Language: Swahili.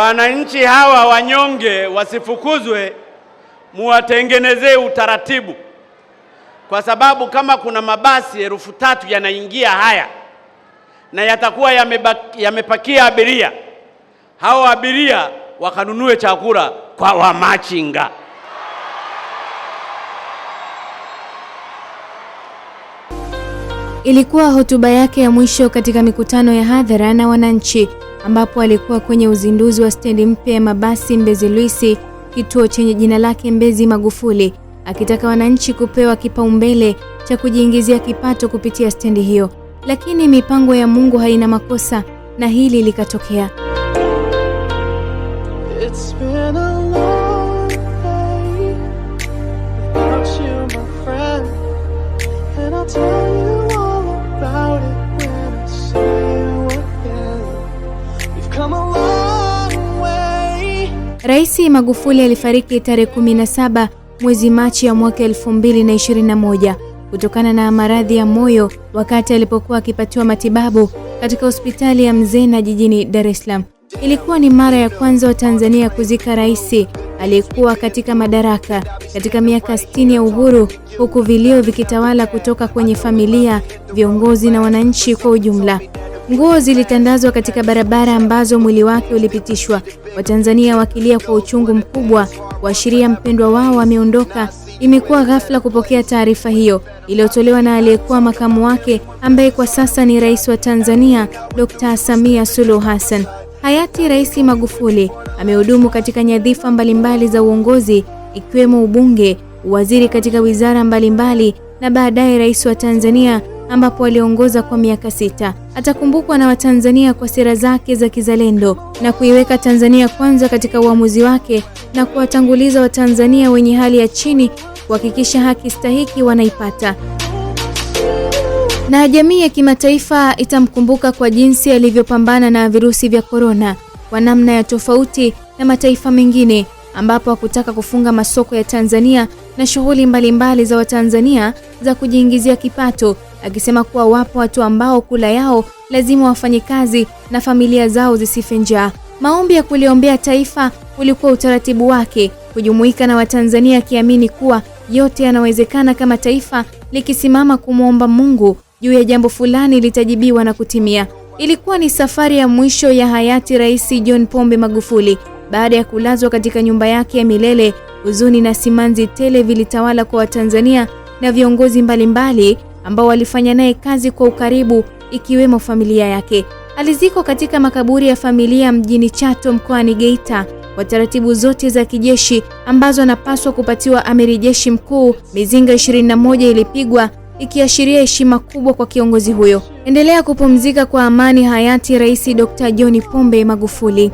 Wananchi hawa wanyonge wasifukuzwe, muwatengenezee utaratibu, kwa sababu kama kuna mabasi elfu tatu yanaingia haya na yatakuwa yamepakia abiria, hao abiria wakanunue chakula kwa wamachinga. Ilikuwa hotuba yake ya mwisho katika mikutano ya hadhara na wananchi, ambapo alikuwa kwenye uzinduzi wa stendi mpya ya mabasi Mbezi Luisi, kituo chenye jina lake Mbezi Magufuli, akitaka wananchi kupewa kipaumbele cha kujiingizia kipato kupitia stendi hiyo. Lakini mipango ya Mungu haina makosa, na hili likatokea. It's been a Rais Magufuli alifariki tarehe 17 mwezi Machi ya mwaka 2021 kutokana na maradhi ya moyo wakati alipokuwa akipatiwa matibabu katika hospitali ya Mzena jijini Dar es Salaam. Ilikuwa ni mara ya kwanza wa Tanzania kuzika rais aliyekuwa katika madaraka katika miaka 60 ya uhuru, huku vilio vikitawala kutoka kwenye familia, viongozi na wananchi kwa ujumla. Nguo zilitandazwa katika barabara ambazo mwili wake ulipitishwa, Watanzania wakilia kwa uchungu mkubwa kuashiria mpendwa wao ameondoka. Imekuwa ghafla kupokea taarifa hiyo iliyotolewa na aliyekuwa makamu wake ambaye kwa sasa ni rais wa Tanzania, Dkt. Samia Suluhu Hassan. Hayati Rais Magufuli amehudumu katika nyadhifa mbalimbali za uongozi ikiwemo ubunge, waziri katika wizara mbalimbali na baadaye rais wa Tanzania ambapo aliongoza kwa miaka sita. Atakumbukwa na Watanzania kwa sera zake za kizalendo na kuiweka Tanzania kwanza katika uamuzi wake na kuwatanguliza Watanzania wenye hali ya chini kuhakikisha haki stahiki wanaipata. Na jamii ya kimataifa itamkumbuka kwa jinsi alivyopambana na virusi vya korona kwa namna ya tofauti na mataifa mengine, ambapo hakutaka kufunga masoko ya Tanzania na shughuli mbalimbali za Watanzania za kujiingizia kipato akisema kuwa wapo watu ambao kula yao lazima wafanye kazi na familia zao zisife njaa. Maombi ya kuliombea taifa ulikuwa utaratibu wake kujumuika na Watanzania akiamini kuwa yote yanawezekana kama taifa likisimama kumwomba Mungu juu ya jambo fulani litajibiwa na kutimia. Ilikuwa ni safari ya mwisho ya hayati Rais John Pombe Magufuli baada ya kulazwa katika nyumba yake ya milele. Huzuni na simanzi tele vilitawala kwa Watanzania na viongozi mbalimbali ambao walifanya naye kazi kwa ukaribu, ikiwemo familia yake. Alizikwa katika makaburi ya familia mjini Chato mkoani Geita kwa taratibu zote za kijeshi ambazo anapaswa kupatiwa amiri jeshi mkuu. Mizinga 21 ilipigwa ikiashiria heshima kubwa kwa kiongozi huyo. Endelea kupumzika kwa amani hayati Rais Dr. John Pombe Magufuli.